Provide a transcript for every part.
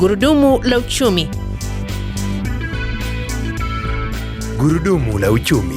Gurudumu la uchumi. Gurudumu la uchumi.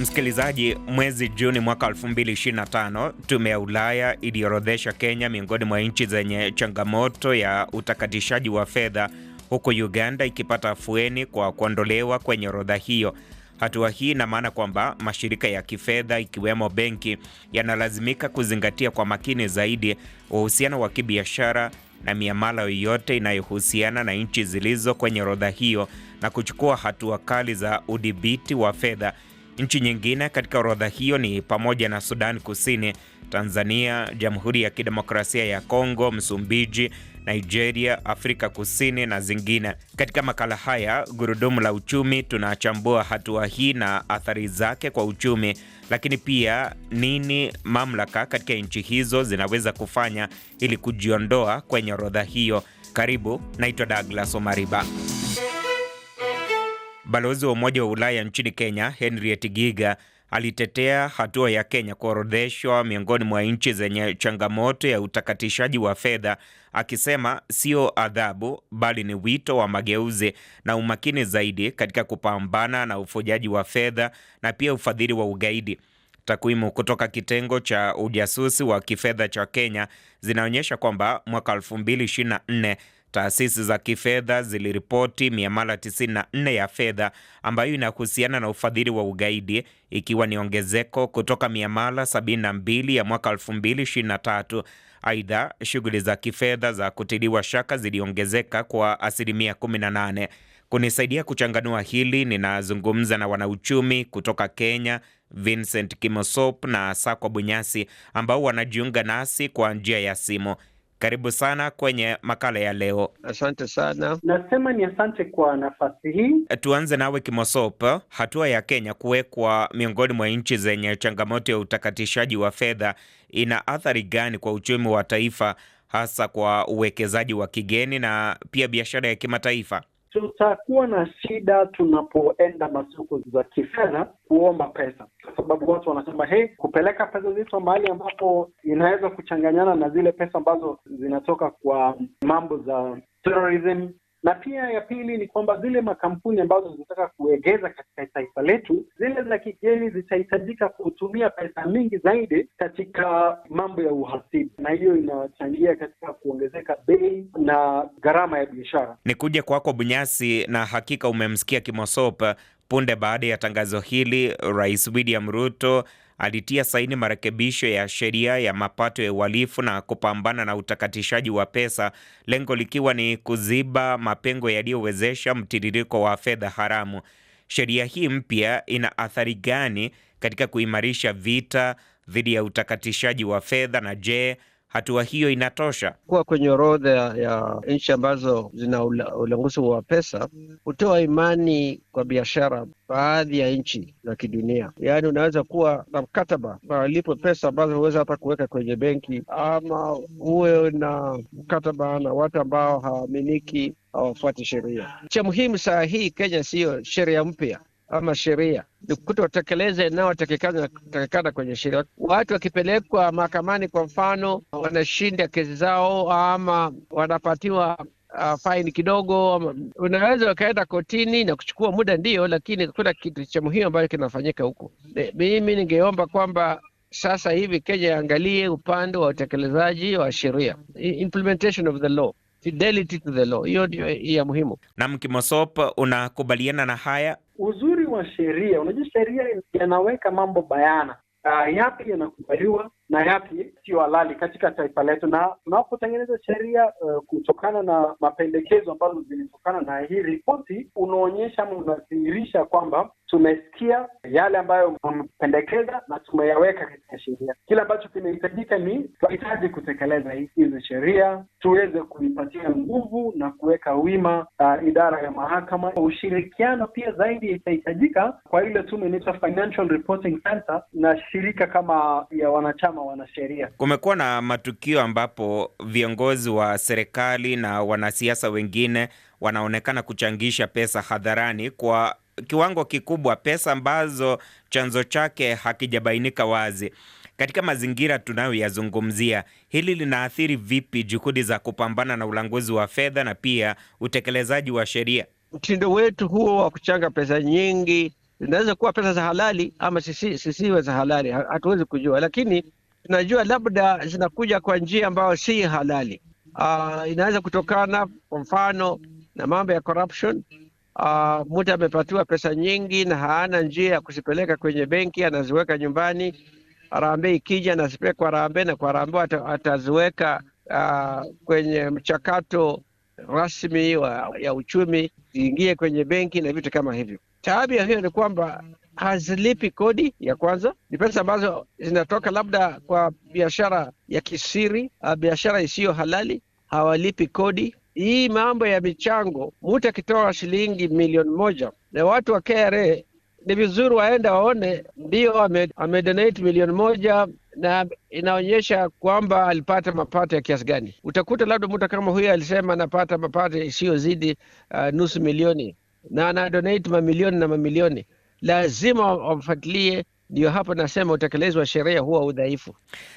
Msikilizaji, mwezi Juni mwaka 225 tume ya Ulaya iliorodhesha Kenya miongoni mwa nchi zenye changamoto ya utakatishaji wa fedha, huku Uganda ikipata afueni kwa kuondolewa kwenye orodha hiyo. Hatua hii ina maana kwamba mashirika ya kifedha ikiwemo benki yanalazimika kuzingatia kwa makini zaidi uhusiano wa kibiashara na miamala yoyote inayohusiana na nchi zilizo kwenye orodha hiyo na kuchukua hatua kali za udhibiti wa fedha Nchi nyingine katika orodha hiyo ni pamoja na Sudan Kusini, Tanzania, Jamhuri ya Kidemokrasia ya Kongo, Msumbiji, Nigeria, Afrika Kusini na zingine. Katika makala haya Gurudumu la Uchumi tunachambua hatua hii na athari zake kwa uchumi, lakini pia nini mamlaka katika nchi hizo zinaweza kufanya ili kujiondoa kwenye orodha hiyo. Karibu, naitwa Douglas Omariba. Balozi wa Umoja wa Ulaya nchini Kenya Henriette Giga alitetea hatua ya Kenya kuorodheshwa miongoni mwa nchi zenye changamoto ya utakatishaji wa fedha, akisema sio adhabu bali ni wito wa mageuzi na umakini zaidi katika kupambana na ufujaji wa fedha na pia ufadhili wa ugaidi. Takwimu kutoka kitengo cha ujasusi wa kifedha cha Kenya zinaonyesha kwamba mwaka Taasisi za kifedha ziliripoti miamala 94 ya fedha ambayo inahusiana na ufadhili wa ugaidi ikiwa ni ongezeko kutoka miamala 72 ya mwaka 2023. Aidha, shughuli za kifedha za kutiliwa shaka ziliongezeka kwa asilimia 18. Kunisaidia kuchanganua hili, ninazungumza na wanauchumi kutoka Kenya, Vincent Kimosop na Sakwa Bunyasi ambao wanajiunga nasi kwa njia ya simu. Karibu sana kwenye makala ya leo. Asante sana, nasema ni asante kwa nafasi hii. Tuanze nawe Kimosop, hatua ya Kenya kuwekwa miongoni mwa nchi zenye changamoto ya utakatishaji wa fedha ina athari gani kwa uchumi wa taifa, hasa kwa uwekezaji wa kigeni na pia biashara ya kimataifa? tutakuwa na shida tunapoenda masoko za kifedha kuomba pesa, kwa sababu watu wanasema hey, kupeleka pesa zito mahali ambapo inaweza kuchanganyana na zile pesa ambazo zinatoka kwa mambo za terrorism na pia ya pili ni kwamba zile makampuni ambazo zinataka kuegeza katika taifa letu, zile za kigeni zitahitajika kutumia pesa mingi zaidi katika mambo ya uhasibu, na hiyo inachangia katika kuongezeka bei na gharama ya biashara. Ni kuja kwako Bunyasi, na hakika umemsikia Kimosop punde baada ya tangazo hili, Rais William Ruto alitia saini marekebisho ya sheria ya mapato ya uhalifu na kupambana na utakatishaji wa pesa, lengo likiwa ni kuziba mapengo yaliyowezesha mtiririko wa fedha haramu. Sheria hii mpya ina athari gani katika kuimarisha vita dhidi ya utakatishaji wa fedha, na je, hatua hiyo inatosha kuwa kwenye orodha ya nchi ambazo zina ulanguzi wa pesa. Hutoa imani kwa biashara baadhi ya nchi za kidunia, yaani unaweza kuwa na mkataba palipo pesa ambazo huweza hata kuweka kwenye benki, ama huwe na mkataba na watu ambao hawaaminiki, hawafuati sheria. Cha muhimu saa hii Kenya siyo sheria mpya ama sheria ni kutotekeleza inayotakikana kwenye sheria. Watu wakipelekwa mahakamani, kwa mfano, wanashinda kesi zao ama wanapatiwa uh, faini kidogo, unaweza ukaenda kotini na kuchukua muda, ndiyo, lakini kuna kitu cha muhimu ambacho kinafanyika huko. Mimi ningeomba kwamba sasa hivi Kenya iangalie upande wa utekelezaji wa sheria, implementation of the law fidelity to the law, hiyo ndio ya muhimu. Namkimosop, unakubaliana na haya? Uzuri wa sheria, unajua sheria yanaweka mambo bayana uh, yapi yanakubaliwa na yapi sio halali katika taifa letu, na tunapotengeneza sheria uh, kutokana na mapendekezo ambazo zilitokana na hii ripoti, unaonyesha ama unadhihirisha kwamba tumesikia yale ambayo mmependekeza na tumeyaweka katika sheria. Kile ambacho kinahitajika ni tunahitaji kutekeleza hizi sheria, tuweze kuipatia nguvu na kuweka wima uh, idara ya mahakama. Ushirikiano pia zaidi itahitajika kwa ile tume inaitwa Financial Reporting Center na shirika kama ya wanachama wanasheria. Kumekuwa na matukio ambapo viongozi wa serikali na wanasiasa wengine wanaonekana kuchangisha pesa hadharani kwa kiwango kikubwa, pesa ambazo chanzo chake hakijabainika wazi. Katika mazingira tunayoyazungumzia, hili linaathiri vipi juhudi za kupambana na ulanguzi wa fedha na pia utekelezaji wa sheria? Mtindo wetu huo wa kuchanga pesa nyingi zinaweza kuwa pesa za halali ama sisiwe za halali, hatuwezi kujua, lakini tunajua labda zinakuja kwa njia ambayo si halali. Uh, inaweza kutokana kwa mfano na mambo ya corruption. Uh, mtu amepatiwa pesa nyingi na haana njia ya kuzipeleka kwenye benki, anaziweka nyumbani. Harambee ikija anazipeleka kwa harambee, na kwa harambee ataziweka uh, kwenye mchakato rasmi wa, ya uchumi, ziingie kwenye benki na vitu kama hivyo. Taabu ya hiyo ni kwamba hazilipi kodi. Ya kwanza ni pesa ambazo zinatoka labda kwa biashara ya kisiri, ah, biashara isiyo halali, hawalipi kodi. Hii mambo ya michango, mtu akitoa shilingi milioni moja na watu wa KRA ni vizuri waenda waone, ndio amedonate milioni moja na inaonyesha kwamba alipata mapato ya kiasi gani. Utakuta labda mtu kama huyo alisema anapata mapato isiyozidi uh, nusu milioni na anadonate mamilioni na mamilioni, lazima wamfuatilie. ndio hapo nasema utekelezi wa sheria huwa udhaifu.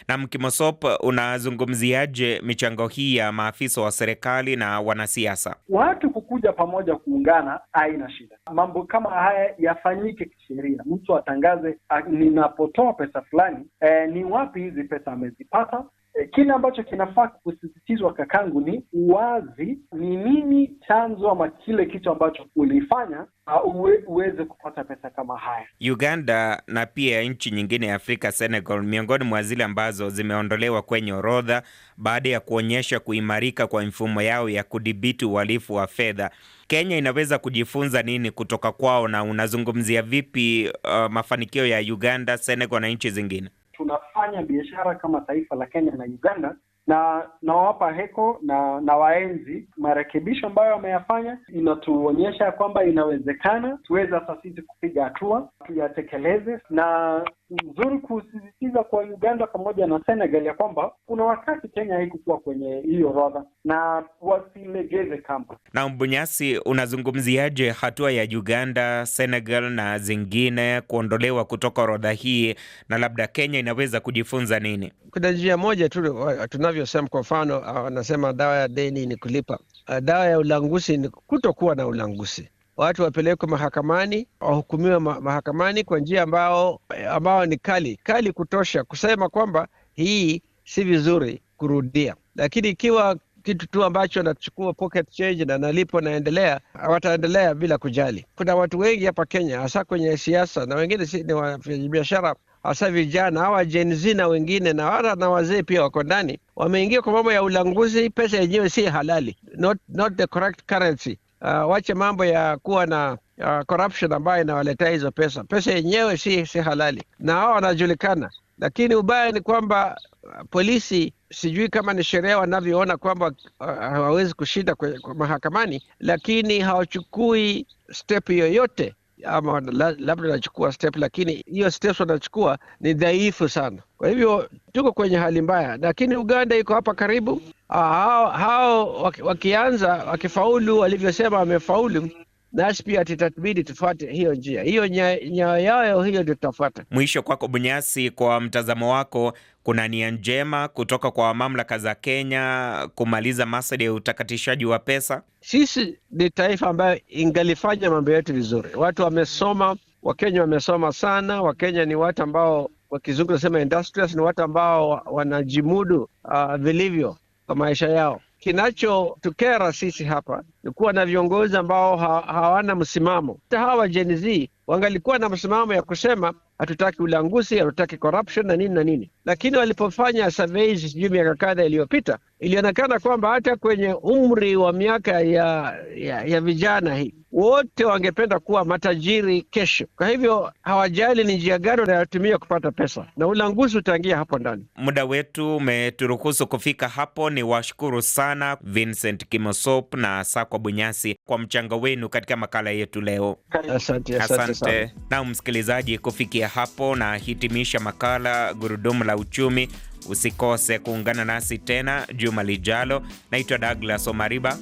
Na Mkimosop, unazungumziaje michango hii ya maafisa wa serikali na wanasiasa? Watu kukuja pamoja kuungana haina shida. Mambo kama haya yafanyike kisheria, mtu atangaze, ah, ninapotoa pesa fulani, e, ni wapi hizi pesa amezipata Eh, kile ambacho kinafaa kusisitizwa kakangu ni uwazi. Ni nini chanzo ama kile kitu ambacho ulifanya uwe, uweze kupata pesa kama haya? Uganda na pia nchi nyingine ya Afrika, Senegal miongoni mwa zile ambazo zimeondolewa kwenye orodha baada ya kuonyesha kuimarika kwa mifumo yao ya kudhibiti uhalifu wa fedha. Kenya inaweza kujifunza nini kutoka kwao, na unazungumzia vipi uh, mafanikio ya Uganda, Senegal na nchi zingine? tunafanya biashara kama taifa la Kenya na Uganda na nawapa heko na waenzi Marekebisho ambayo wameyafanya inatuonyesha kwamba inawezekana, tuweze hata sisi kupiga hatua tuyatekeleze, na nzuri kusisitiza kwa Uganda pamoja na Senegal ya kwamba kuna wakati Kenya haikukuwa kwenye hiyo orodha na wasilegeze kamba. Na Mbunyasi, unazungumziaje hatua ya Uganda, Senegal na zingine kuondolewa kutoka orodha hii, na labda Kenya inaweza kujifunza nini? Kuna njia moja tu tunavyo alivyosema, kwa mfano ah, anasema dawa ya deni ni kulipa, ah, dawa ya ulanguzi ni kutokuwa na ulanguzi. Watu wapelekwe mahakamani, wahukumiwe mahakamani kwa njia ambao, ambao ni kali kali kutosha kusema kwamba hii si vizuri kurudia, lakini ikiwa kitu tu ambacho anachukua pocket change na nalipo naendelea, wataendelea bila kujali. Kuna watu wengi hapa Kenya, hasa kwenye siasa na wengine si ni wafanyabiashara hasa vijana hawa Gen Z na wengine na hata na wazee pia wako ndani, wameingia kwa mambo ya ulanguzi. Pesa yenyewe si halali, not, not the correct currency. Uh, wache mambo ya kuwa na uh, corruption ambayo inawaletea hizo pesa. Pesa yenyewe si, si halali na hawa wanajulikana, lakini ubaya ni kwamba uh, polisi sijui kama ni sheria wanavyoona kwamba hawawezi uh, kushinda mahakamani, lakini hawachukui step yoyote ama labda wanachukua step, lakini hiyo steps wanachukua ni dhaifu sana. Kwa hivyo tuko kwenye hali mbaya, lakini Uganda iko hapa karibu. Ah, hao wakianza wakifaulu, walivyosema wamefaulu, nasi pia tutabidi tufuate hiyo njia hiyo nyayo yao, hiyo ndio tutafuata. Mwisho kwako Bunyasi, kwa mtazamo wako, kuna nia njema kutoka kwa mamlaka za Kenya kumaliza masada ya utakatishaji wa pesa? Sisi ni taifa ambayo ingalifanya mambo yetu vizuri. Watu wamesoma, Wakenya wamesoma sana. Wakenya ni watu ambao kwa kizungu nasema industrious, ni watu ambao wanajimudu uh, vilivyo kwa maisha yao. Kinachotukera sisi hapa ni kuwa na viongozi ambao ha hawana msimamo. Hata hawa Gen Z wangalikuwa na msimamo ya kusema hatutaki ulanguzi, hatutaki corruption na nini na nini, lakini walipofanya surveys sijui miaka kadha iliyopita, ilionekana kwamba hata kwenye umri wa miaka ya, ya, ya vijana hii wote wangependa kuwa matajiri kesho. Kwa hivyo hawajali ni njia gani wanayotumia kupata pesa, na ulanguzi utaingia hapo ndani. Muda wetu umeturuhusu kufika hapo. Ni washukuru sana Vincent Kimosop na Sakwa Bunyasi kwa mchango wenu katika makala yetu leo. Asante, asante, asante. Na msikilizaji, kufikia hapo na hitimisha makala Gurudumu la Uchumi. Usikose kuungana nasi tena juma lijalo. Naitwa Douglas Omariba,